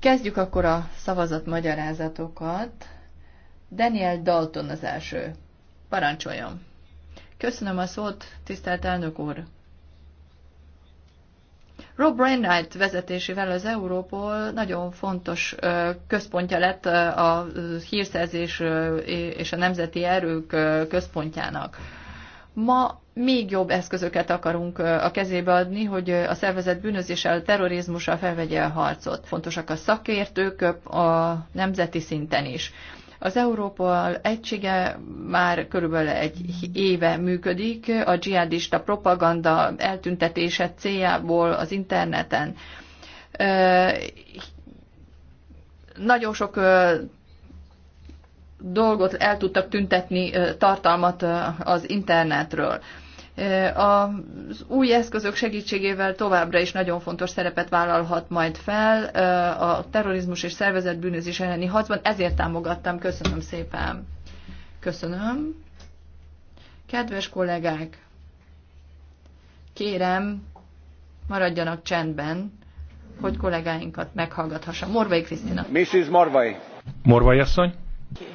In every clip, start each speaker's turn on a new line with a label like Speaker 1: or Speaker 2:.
Speaker 1: Kezdjük akkor a szavazat magyarázatokat. Daniel Dalton az első. Parancsoljon. Köszönöm a szót, tisztelt elnök úr. Rob Reinhardt vezetésével az Európol nagyon fontos központja lett a hírszerzés és a nemzeti erők központjának. Ma még jobb eszközöket akarunk a kezébe adni, hogy a szervezet bűnözéssel, terrorizmussal felvegye a harcot. Fontosak a szakértők a nemzeti szinten is. Az Európa egysége már körülbelül egy éve működik, a dzsihadista propaganda eltüntetése céljából az interneten. Nagyon sok dolgot el tudtak tüntetni, tartalmat az internetről. Az új eszközök segítségével továbbra is nagyon fontos szerepet vállalhat majd fel a terrorizmus és szervezett bűnözés elleni harcban, ezért támogattam. Köszönöm szépen. Köszönöm. Kedves kollégák, kérem, maradjanak csendben, hogy kollégáinkat meghallgathassa. Morvai Krisztina.
Speaker 2: Mrs. Morvai.
Speaker 3: Morvai asszony. Okay.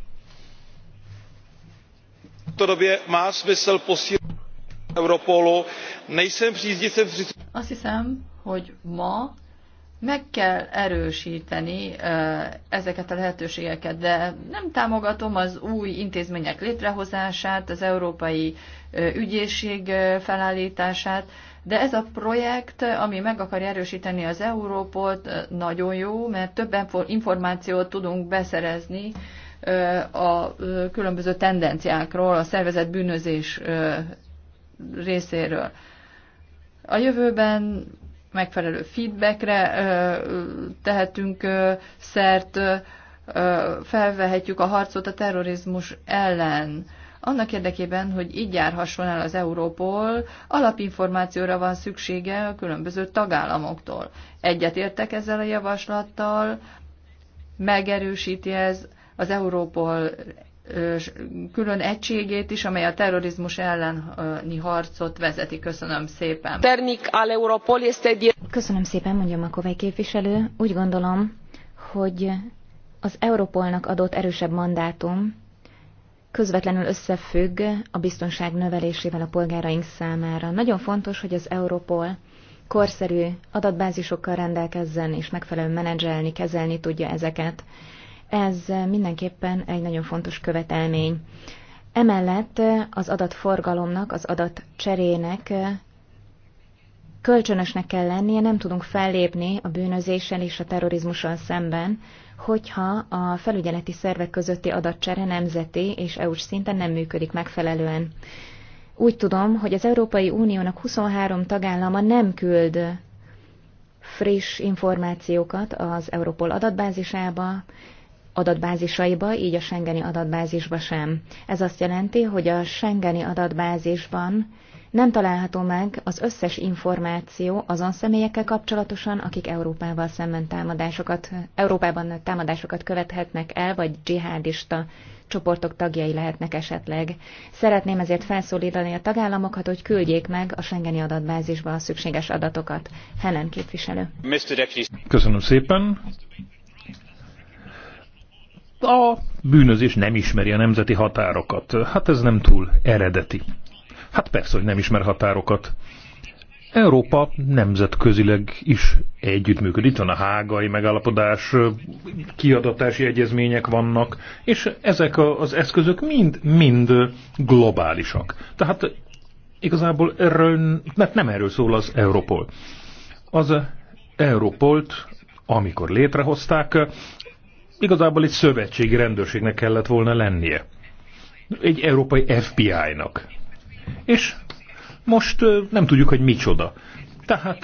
Speaker 2: této době má smysl posílení europolu. nejsem příznivcem. azt
Speaker 1: hiszem hogy ma meg kell erősíteni ezeket a lehetőségeket, de nem támogatom az új intézmények létrehozását, az európai ügyészség felállítását, de ez a projekt, ami meg akar erősíteni az Európolt, nagyon jó, mert több információt tudunk beszerezni a különböző tendenciákról, a szervezet bűnözés részéről. A jövőben megfelelő feedbackre tehetünk szert, felvehetjük a harcot a terrorizmus ellen. Annak érdekében, hogy így járhasson el az Európol, alapinformációra van szüksége a különböző tagállamoktól. Egyetértek ezzel a javaslattal, megerősíti ez az Európol külön egységét is, amely a terrorizmus elleni harcot vezeti. Köszönöm szépen. Ternik al Europol
Speaker 4: este... Köszönöm szépen, mondja Makovej képviselő. Úgy gondolom, hogy az Europolnak adott erősebb mandátum közvetlenül összefügg a biztonság növelésével a polgáraink számára. Nagyon fontos, hogy az Europol korszerű adatbázisokkal rendelkezzen és megfelelően menedzselni, kezelni tudja ezeket. Ez mindenképpen egy nagyon fontos követelmény. Emellett az adatforgalomnak, az adatcserének kölcsönösnek kell lennie, nem tudunk fellépni a bűnözéssel és a terrorizmussal szemben, hogyha a felügyeleti szervek közötti adatcsere nemzeti és EU-s szinten nem működik megfelelően. Úgy tudom, hogy az Európai Uniónak 23 tagállama nem küld friss információkat az Europol adatbázisába, adatbázisaiba, így a Schengeni adatbázisba sem. Ez azt jelenti, hogy a Schengeni adatbázisban nem található meg az összes információ azon személyekkel kapcsolatosan, akik Európával szemben támadásokat, Európában támadásokat követhetnek el, vagy dzsihádista csoportok tagjai lehetnek esetleg. Szeretném ezért felszólítani a tagállamokat, hogy küldjék meg a Schengeni adatbázisba a szükséges adatokat. Helen képviselő.
Speaker 3: Köszönöm szépen a bűnözés nem ismeri a nemzeti határokat. Hát ez nem túl eredeti. Hát persze, hogy nem ismer határokat. Európa nemzetközileg is együttműködik. Itt van a hágai megállapodás, kiadatási egyezmények vannak, és ezek az eszközök mind-mind globálisak. Tehát igazából erről, mert nem erről szól az Europol. Az Europolt, amikor létrehozták, Igazából egy szövetségi rendőrségnek kellett volna lennie. Egy európai FBI-nak. És most nem tudjuk, hogy micsoda. Tehát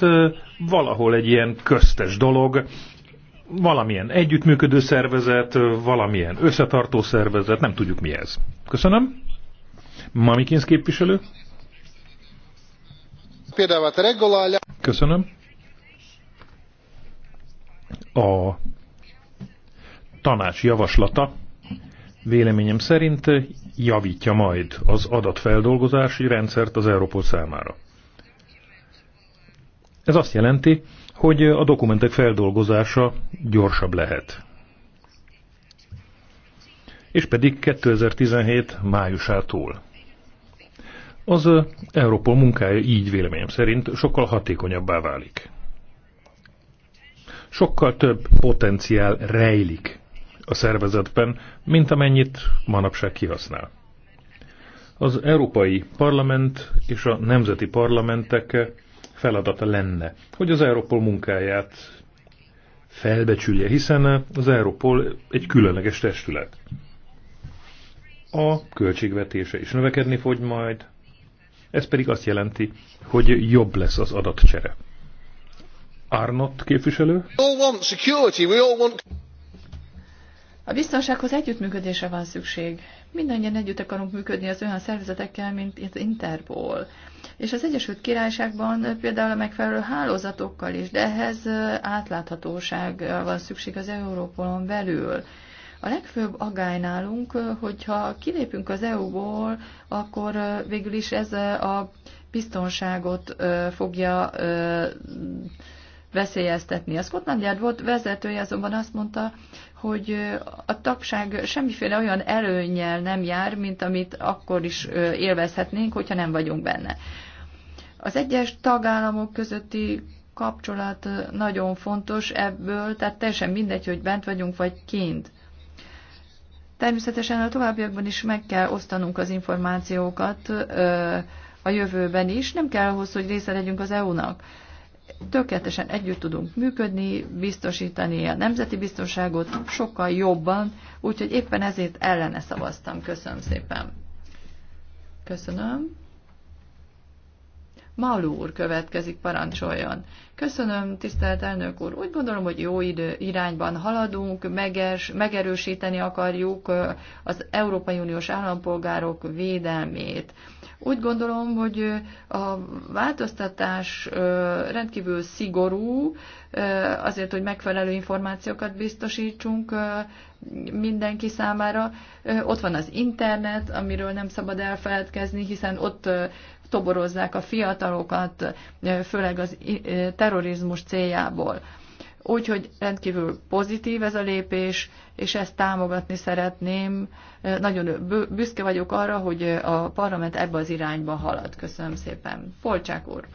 Speaker 3: valahol egy ilyen köztes dolog, valamilyen együttműködő szervezet, valamilyen összetartó szervezet, nem tudjuk mi ez. Köszönöm. Mamikins képviselő. Köszönöm. A tanács javaslata véleményem szerint javítja majd az adatfeldolgozási rendszert az Európol számára. Ez azt jelenti, hogy a dokumentek feldolgozása gyorsabb lehet. És pedig 2017 májusától. Az Európol munkája így véleményem szerint sokkal hatékonyabbá válik. Sokkal több potenciál rejlik a szervezetben, mint amennyit manapság kihasznál. Az Európai Parlament és a nemzeti parlamentek feladata lenne, hogy az Európol munkáját felbecsülje, hiszen az Európol egy különleges testület. A költségvetése is növekedni fog majd, ez pedig azt jelenti, hogy jobb lesz az adatcsere. Arnott képviselő.
Speaker 1: A biztonsághoz együttműködésre van szükség. Mindannyian együtt akarunk működni az olyan szervezetekkel, mint az Interpol. És az Egyesült Királyságban például a megfelelő hálózatokkal is, de ehhez átláthatóság van szükség az Európolon belül. A legfőbb agály nálunk, hogyha kilépünk az EU-ból, akkor végül is ez a biztonságot fogja veszélyeztetni. A Scotland Yard volt vezetője azonban azt mondta, hogy a tagság semmiféle olyan előnyel nem jár, mint amit akkor is élvezhetnénk, hogyha nem vagyunk benne. Az egyes tagállamok közötti kapcsolat nagyon fontos ebből, tehát teljesen mindegy, hogy bent vagyunk, vagy kint. Természetesen a továbbiakban is meg kell osztanunk az információkat a jövőben is, nem kell ahhoz, hogy része legyünk az EU-nak tökéletesen együtt tudunk működni, biztosítani a nemzeti biztonságot sokkal jobban, úgyhogy éppen ezért ellene szavaztam. Köszönöm szépen. Köszönöm. Malú úr következik, parancsoljon. Köszönöm, tisztelt elnök úr. Úgy gondolom, hogy jó idő irányban haladunk, megers, megerősíteni akarjuk az Európai Uniós állampolgárok védelmét. Úgy gondolom, hogy a változtatás rendkívül szigorú, azért, hogy megfelelő információkat biztosítsunk mindenki számára. Ott van az internet, amiről nem szabad elfeledkezni, hiszen ott toborozzák a fiatalokat, főleg az terrorizmus céljából. Úgyhogy rendkívül pozitív ez a lépés, és ezt támogatni szeretném. Nagyon büszke vagyok arra, hogy a parlament ebbe az irányba halad. Köszönöm szépen. Polcsák úr.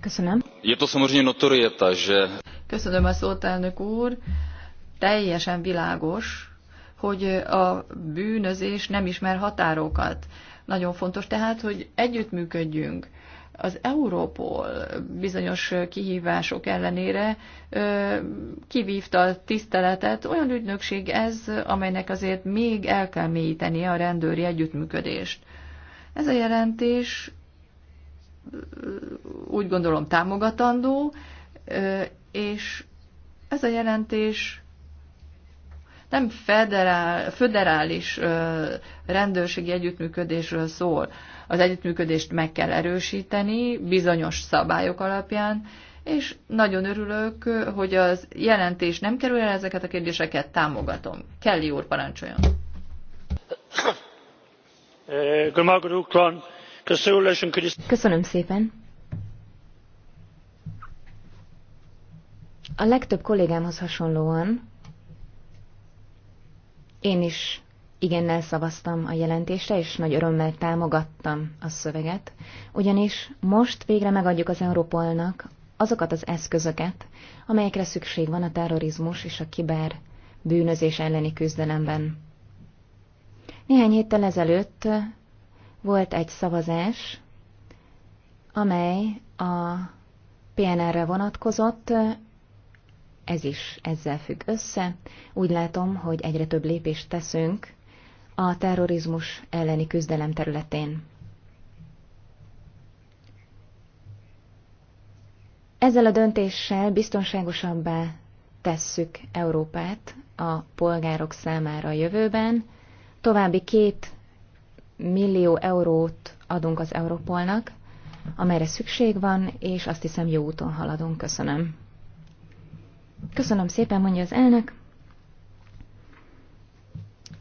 Speaker 1: Köszönöm.
Speaker 2: Je to samozřejmě notorieta, že...
Speaker 1: Köszönöm a szót, elnök úr. Teljesen világos, hogy a bűnözés nem ismer határokat. Nagyon fontos tehát, hogy együttműködjünk. Az Európol bizonyos kihívások ellenére kivívta a tiszteletet. Olyan ügynökség ez, amelynek azért még el kell mélyíteni a rendőri együttműködést. Ez a jelentés úgy gondolom támogatandó, és ez a jelentés nem federál, föderális rendőrségi együttműködésről szól. Az együttműködést meg kell erősíteni bizonyos szabályok alapján, és nagyon örülök, hogy az jelentés nem kerül el ezeket a kérdéseket, támogatom. Kelly úr, parancsoljon! Köszönöm szépen!
Speaker 4: A legtöbb kollégámhoz hasonlóan én is igennel szavaztam a jelentésre, és nagy örömmel támogattam a szöveget, ugyanis most végre megadjuk az Európolnak azokat az eszközöket, amelyekre szükség van a terrorizmus és a kiber bűnözés elleni küzdelemben. Néhány héttel ezelőtt volt egy szavazás, amely a PNR-re vonatkozott, ez is ezzel függ össze. Úgy látom, hogy egyre több lépést teszünk a terrorizmus elleni küzdelem területén. Ezzel a döntéssel biztonságosabbá tesszük Európát a polgárok számára a jövőben. További két millió eurót adunk az Európolnak, amelyre szükség van, és azt hiszem jó úton haladunk. Köszönöm. Köszönöm szépen, mondja az elnök.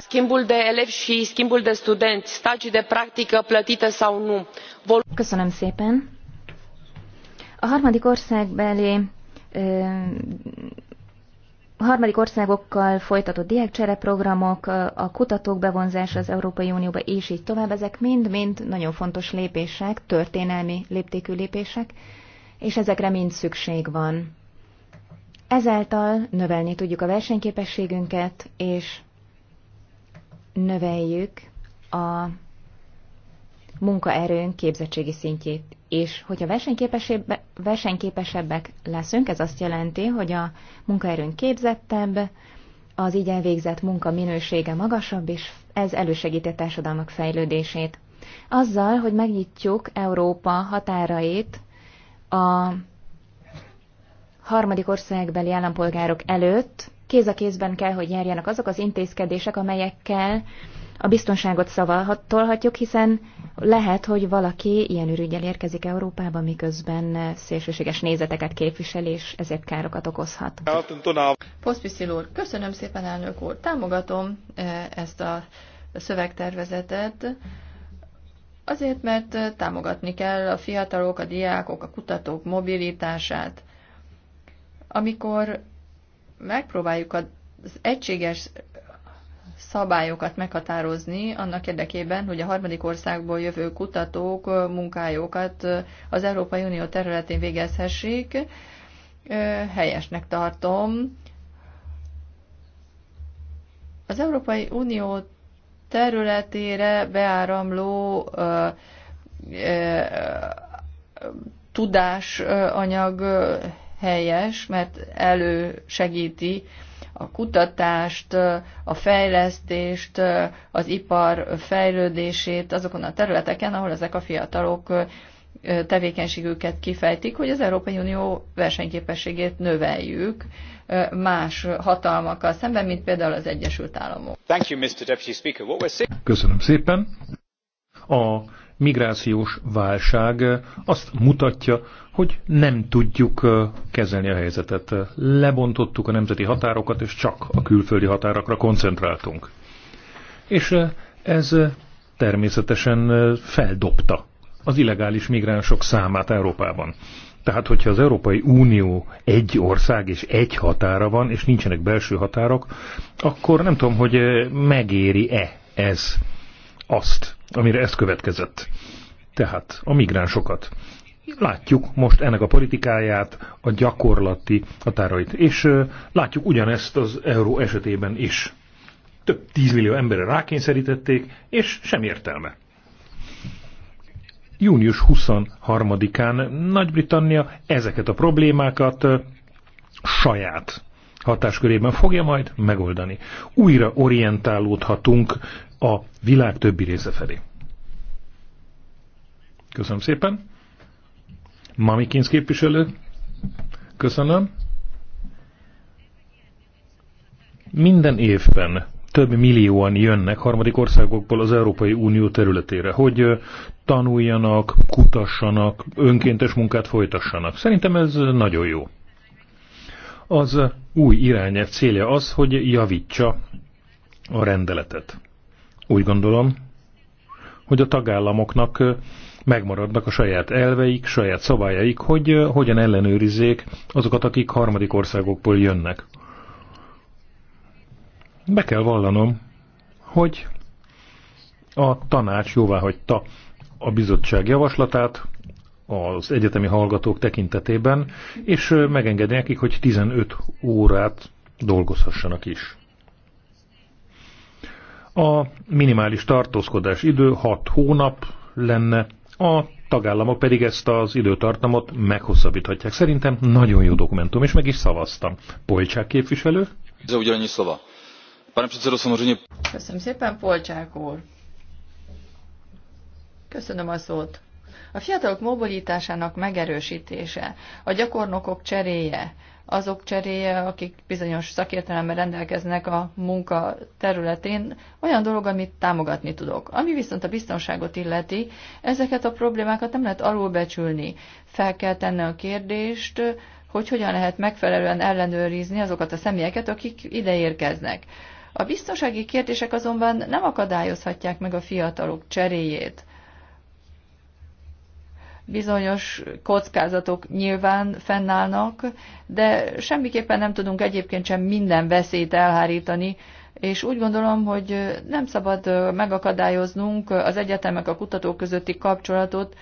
Speaker 1: schimbul de elevi și schimbul de studenți stagii de practică plătite sau nu.
Speaker 4: A harmadik harmadik országokkal folytatott diákcsereprogramok, a kutatók bevonzása az Európai Unióba és így tovább, ezek mind-mind nagyon fontos lépések, történelmi léptékű lépések, és ezekre mind szükség van. Ezáltal növelni tudjuk a versenyképességünket, és növeljük a munkaerőnk képzettségi szintjét. És hogyha versenyképesebbek leszünk, ez azt jelenti, hogy a munkaerőnk képzettebb, az így elvégzett munka minősége magasabb, és ez elősegíti a társadalmak fejlődését. Azzal, hogy megnyitjuk Európa határait a harmadik országbeli állampolgárok előtt kéz a kézben kell, hogy járjanak azok az intézkedések, amelyekkel a biztonságot szavalhatolhatjuk, hiszen lehet, hogy valaki ilyen ürügyel érkezik Európába, miközben szélsőséges nézeteket képvisel, és ezért károkat okozhat.
Speaker 1: Poszpiszil úr, köszönöm szépen, elnök úr. Támogatom e, ezt a szövegtervezetet, azért, mert e, támogatni kell a fiatalok, a diákok, a kutatók mobilitását amikor megpróbáljuk az egységes szabályokat meghatározni annak érdekében, hogy a harmadik országból jövő kutatók munkájukat az Európai Unió területén végezhessék. Helyesnek tartom. Az Európai Unió területére beáramló tudásanyag helyes, mert elősegíti a kutatást, a fejlesztést, az ipar fejlődését azokon a területeken, ahol ezek a fiatalok tevékenységüket kifejtik, hogy az Európai Unió versenyképességét növeljük más hatalmakkal szemben, mint például az Egyesült Államok.
Speaker 3: Köszönöm szépen. A migrációs válság azt mutatja, hogy nem tudjuk kezelni a helyzetet. Lebontottuk a nemzeti határokat, és csak a külföldi határokra koncentráltunk. És ez természetesen feldobta az illegális migránsok számát Európában. Tehát, hogyha az Európai Unió egy ország és egy határa van, és nincsenek belső határok, akkor nem tudom, hogy megéri-e ez azt, amire ez következett. Tehát a migránsokat. Látjuk most ennek a politikáját, a gyakorlati határait. És látjuk ugyanezt az euró esetében is. Több tízmillió emberre rákényszerítették, és sem értelme június 23-án Nagy-Britannia ezeket a problémákat saját hatáskörében fogja majd megoldani. Újra orientálódhatunk a világ többi része felé. Köszönöm szépen. Mamikins képviselő. Köszönöm. Minden évben több millióan jönnek harmadik országokból az Európai Unió területére, hogy tanuljanak, kutassanak, önkéntes munkát folytassanak. Szerintem ez nagyon jó. Az új irányelv célja az, hogy javítsa a rendeletet. Úgy gondolom, hogy a tagállamoknak megmaradnak a saját elveik, saját szabályaik, hogy hogyan ellenőrizzék azokat, akik harmadik országokból jönnek. Be kell vallanom, hogy a tanács jóváhagyta a bizottság javaslatát, az egyetemi hallgatók tekintetében, és megengedni nekik, hogy 15 órát dolgozhassanak is. A minimális tartózkodás idő 6 hónap lenne, a tagállamok pedig ezt az időtartamot meghosszabbíthatják. Szerintem nagyon jó dokumentum, és meg is szavaztam. Polcsák képviselő?
Speaker 2: Za ugyanannyi szava.
Speaker 1: Köszönöm szépen, Polcsák úr. Köszönöm a szót. A fiatalok mobilitásának megerősítése, a gyakornokok cseréje, azok cseréje, akik bizonyos szakértelemben rendelkeznek a munka területén, olyan dolog, amit támogatni tudok. Ami viszont a biztonságot illeti, ezeket a problémákat nem lehet alulbecsülni. Fel kell tenni a kérdést, hogy hogyan lehet megfelelően ellenőrizni azokat a személyeket, akik ide érkeznek. A biztonsági kérdések azonban nem akadályozhatják meg a fiatalok cseréjét bizonyos kockázatok nyilván fennállnak, de semmiképpen nem tudunk egyébként sem minden veszélyt elhárítani, és úgy gondolom, hogy nem szabad megakadályoznunk az egyetemek, a kutatók közötti kapcsolatot,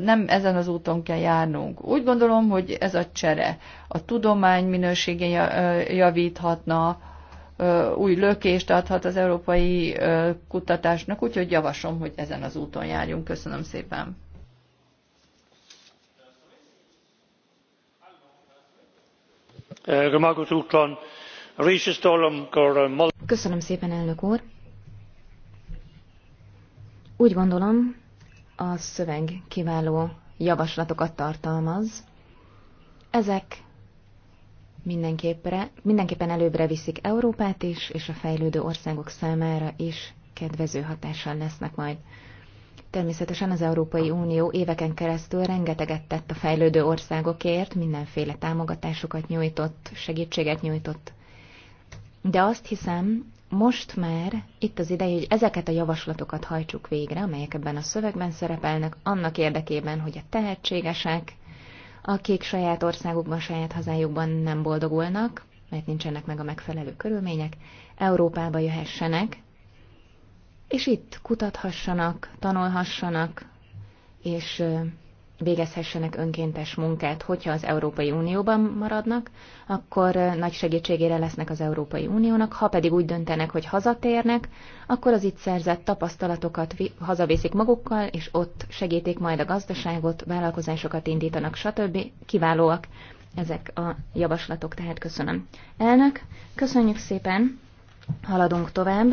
Speaker 1: nem ezen az úton kell járnunk. Úgy gondolom, hogy ez a csere a tudomány minőségén javíthatna, új lökést adhat az európai kutatásnak, úgyhogy javaslom, hogy ezen az úton járjunk. Köszönöm szépen.
Speaker 4: Köszönöm szépen, Úgy gondolom, a szöveg kiváló javaslatokat tartalmaz. Ezek mindenképpen előbbre viszik Európát is, és a fejlődő országok számára is kedvező hatással lesznek majd. Természetesen az Európai Unió éveken keresztül rengeteget tett a fejlődő országokért, mindenféle támogatásokat nyújtott, segítséget nyújtott. De azt hiszem, most már itt az ideje, hogy ezeket a javaslatokat hajtsuk végre, amelyek ebben a szövegben szerepelnek, annak érdekében, hogy a tehetségesek, akik saját országukban, saját hazájukban nem boldogulnak, mert nincsenek meg a megfelelő körülmények, Európába jöhessenek, és itt kutathassanak, tanulhassanak, és végezhessenek önkéntes munkát. Hogyha az Európai Unióban maradnak, akkor nagy segítségére lesznek az Európai Uniónak, ha pedig úgy döntenek, hogy hazatérnek, akkor az itt szerzett tapasztalatokat hazaviszik magukkal, és ott segítik majd a gazdaságot, vállalkozásokat indítanak, stb. Kiválóak ezek a javaslatok, tehát köszönöm. Elnök, köszönjük szépen, haladunk tovább.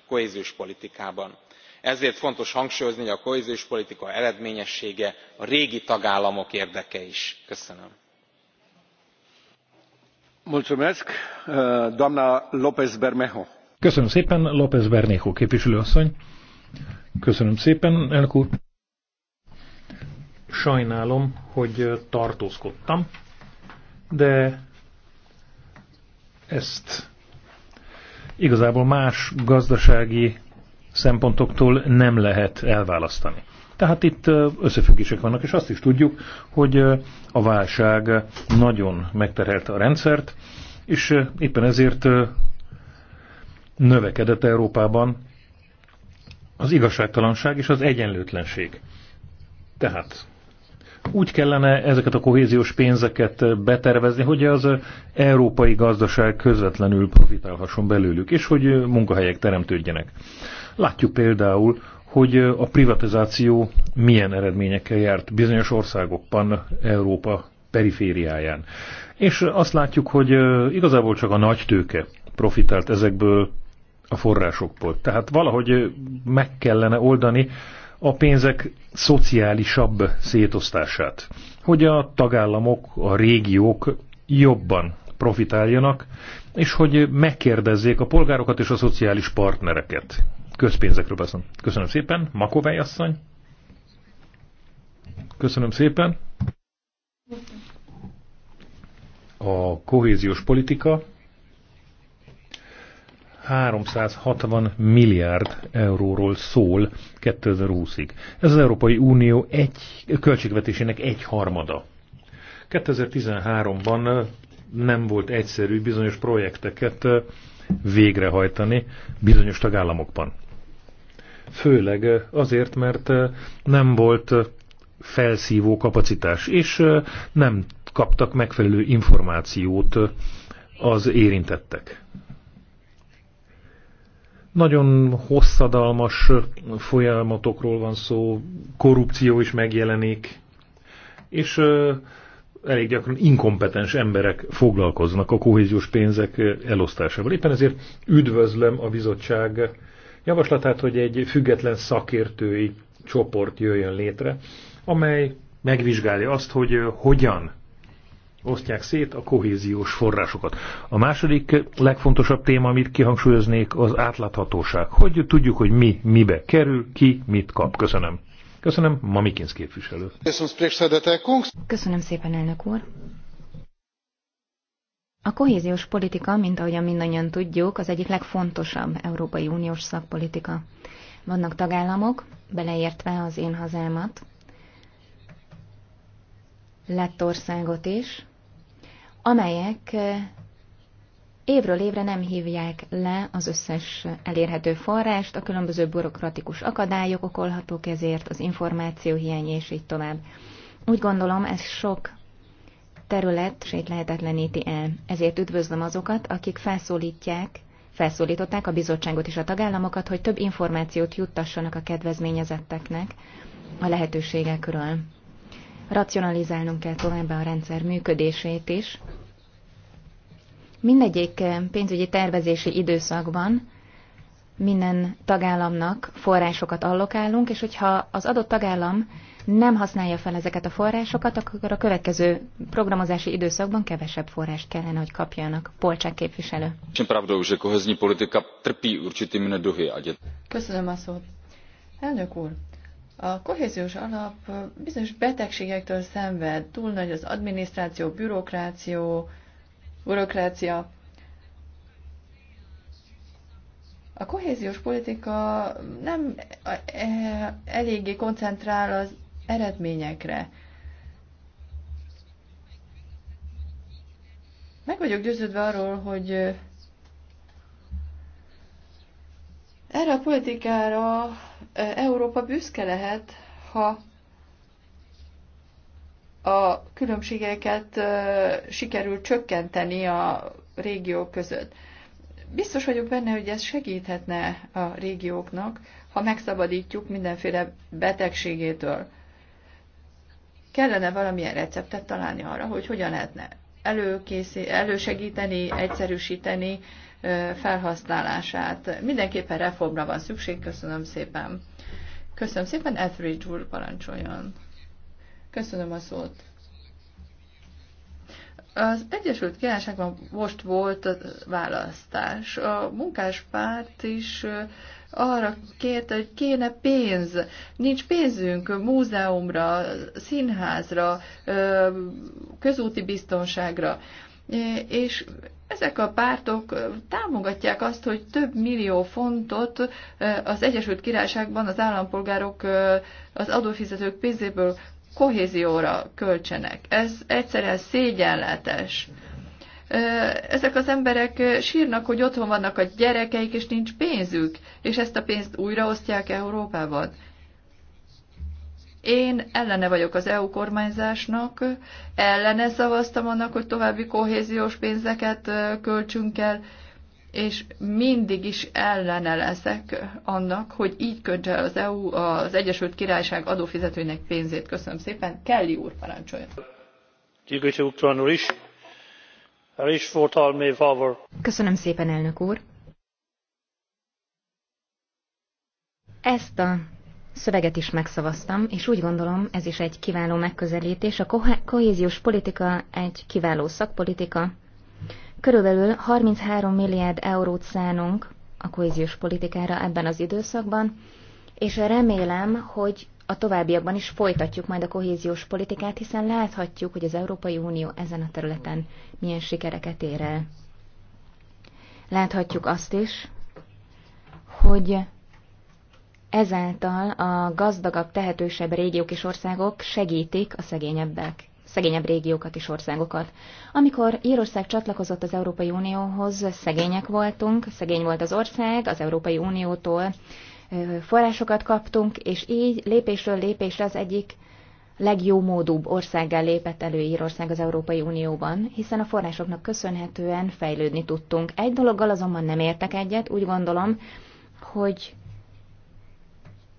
Speaker 2: kohéziós politikában ezért fontos hangsúlyozni hogy a kohéziós politika eredményessége a régi tagállamok érdeke is. köszönöm.
Speaker 3: köszönöm szépen lópez köszönöm szépen sajnálom hogy tartózkodtam de ezt igazából más gazdasági szempontoktól nem lehet elválasztani. Tehát itt összefüggések vannak, és azt is tudjuk, hogy a válság nagyon megterhelte a rendszert, és éppen ezért növekedett Európában az igazságtalanság és az egyenlőtlenség. Tehát úgy kellene ezeket a kohéziós pénzeket betervezni, hogy az európai gazdaság közvetlenül profitálhasson belőlük, és hogy munkahelyek teremtődjenek. Látjuk például, hogy a privatizáció milyen eredményekkel járt bizonyos országokban, Európa perifériáján. És azt látjuk, hogy igazából csak a nagy tőke profitált ezekből a forrásokból. Tehát valahogy meg kellene oldani a pénzek szociálisabb szétosztását, hogy a tagállamok, a régiók jobban profitáljanak, és hogy megkérdezzék a polgárokat és a szociális partnereket. Közpénzekről beszélünk. Köszönöm szépen, Makovej asszony. Köszönöm szépen. A kohéziós politika 360 milliárd euróról szól 2020-ig. Ez az Európai Unió egy, költségvetésének egy harmada. 2013-ban nem volt egyszerű bizonyos projekteket végrehajtani bizonyos tagállamokban. Főleg azért, mert nem volt felszívó kapacitás, és nem kaptak megfelelő információt az érintettek. Nagyon hosszadalmas folyamatokról van szó, korrupció is megjelenik, és elég gyakran inkompetens emberek foglalkoznak a kohéziós pénzek elosztásával. Éppen ezért üdvözlöm a bizottság javaslatát, hogy egy független szakértői csoport jöjjön létre, amely megvizsgálja azt, hogy hogyan osztják szét a kohéziós forrásokat. A második legfontosabb téma, amit kihangsúlyoznék, az átláthatóság. Hogy tudjuk, hogy mi mibe kerül, ki mit kap. Köszönöm. Köszönöm, Mamikinsz képviselő. Köszönöm
Speaker 4: szépen, elnök úr. A kohéziós politika, mint ahogyan mindannyian tudjuk, az egyik legfontosabb Európai Uniós szakpolitika. Vannak tagállamok, beleértve az én hazámat, Lettországot is, amelyek évről évre nem hívják le az összes elérhető forrást, a különböző bürokratikus akadályok okolhatók ezért, az információ hiány és így tovább. Úgy gondolom, ez sok terület sét lehetetleníti el. Ezért üdvözlöm azokat, akik felszólítják, felszólították a bizottságot és a tagállamokat, hogy több információt juttassanak a kedvezményezetteknek a lehetőségekről racionalizálnunk kell továbbá a rendszer működését is. Mindegyik eh, pénzügyi tervezési időszakban minden tagállamnak forrásokat allokálunk, és hogyha az adott tagállam nem használja fel ezeket a forrásokat, akkor a következő programozási időszakban kevesebb forrást kellene, hogy kapjanak. Polcsák képviselő.
Speaker 1: Köszönöm a szót. Elnök úr, a kohéziós alap bizonyos betegségektől szenved, túl nagy az adminisztráció, bürokráció, bürokrácia. A kohéziós politika nem e, eléggé koncentrál az eredményekre. Meg vagyok győződve arról, hogy e, erre a politikára Európa büszke lehet, ha a különbségeket sikerül csökkenteni a régiók között. Biztos vagyok benne, hogy ez segíthetne a régióknak, ha megszabadítjuk mindenféle betegségétől. Kellene valamilyen receptet találni arra, hogy hogyan lehetne előkészí, elősegíteni, egyszerűsíteni felhasználását. Mindenképpen reformra van szükség, köszönöm szépen. Köszönöm szépen, Etheridge úr parancsoljon. Köszönöm a szót. Az Egyesült Királyságban most volt a választás. A munkáspárt is arra kért, hogy kéne pénz. Nincs pénzünk múzeumra, színházra, közúti biztonságra és ezek a pártok támogatják azt, hogy több millió fontot az Egyesült Királyságban az állampolgárok az adófizetők pénzéből kohézióra költsenek. Ez egyszerűen szégyenletes. Ezek az emberek sírnak, hogy otthon vannak a gyerekeik, és nincs pénzük, és ezt a pénzt újraosztják Európában. Én ellene vagyok az EU kormányzásnak, ellene szavaztam annak, hogy további kohéziós pénzeket költsünk el, és mindig is ellene leszek annak, hogy így köntse az EU az Egyesült Királyság adófizetőinek pénzét. Köszönöm szépen. Kelly úr parancsolja. Köszönöm szépen,
Speaker 4: elnök úr. Ezt a szöveget is megszavaztam, és úgy gondolom, ez is egy kiváló megközelítés. A kohéziós politika egy kiváló szakpolitika. Körülbelül 33 milliárd eurót szánunk a kohéziós politikára ebben az időszakban, és remélem, hogy a továbbiakban is folytatjuk majd a kohéziós politikát, hiszen láthatjuk, hogy az Európai Unió ezen a területen milyen sikereket ér el. Láthatjuk azt is, hogy Ezáltal a gazdagabb, tehetősebb régiók és országok segítik a szegényebbek szegényebb régiókat és országokat. Amikor Írország csatlakozott az Európai Unióhoz, szegények voltunk, szegény volt az ország, az Európai Uniótól forrásokat kaptunk, és így lépésről lépésre az egyik legjó módúbb országgá lépett elő Írország az Európai Unióban, hiszen a forrásoknak köszönhetően fejlődni tudtunk. Egy dologgal azonban nem értek egyet, úgy gondolom, hogy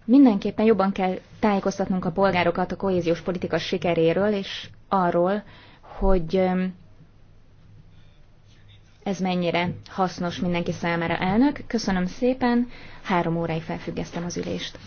Speaker 4: Mindenképpen jobban kell tájékoztatnunk a polgárokat a kohéziós politika sikeréről, és arról, hogy ez mennyire hasznos mindenki számára elnök. Köszönöm szépen, három óráig felfüggesztem az ülést.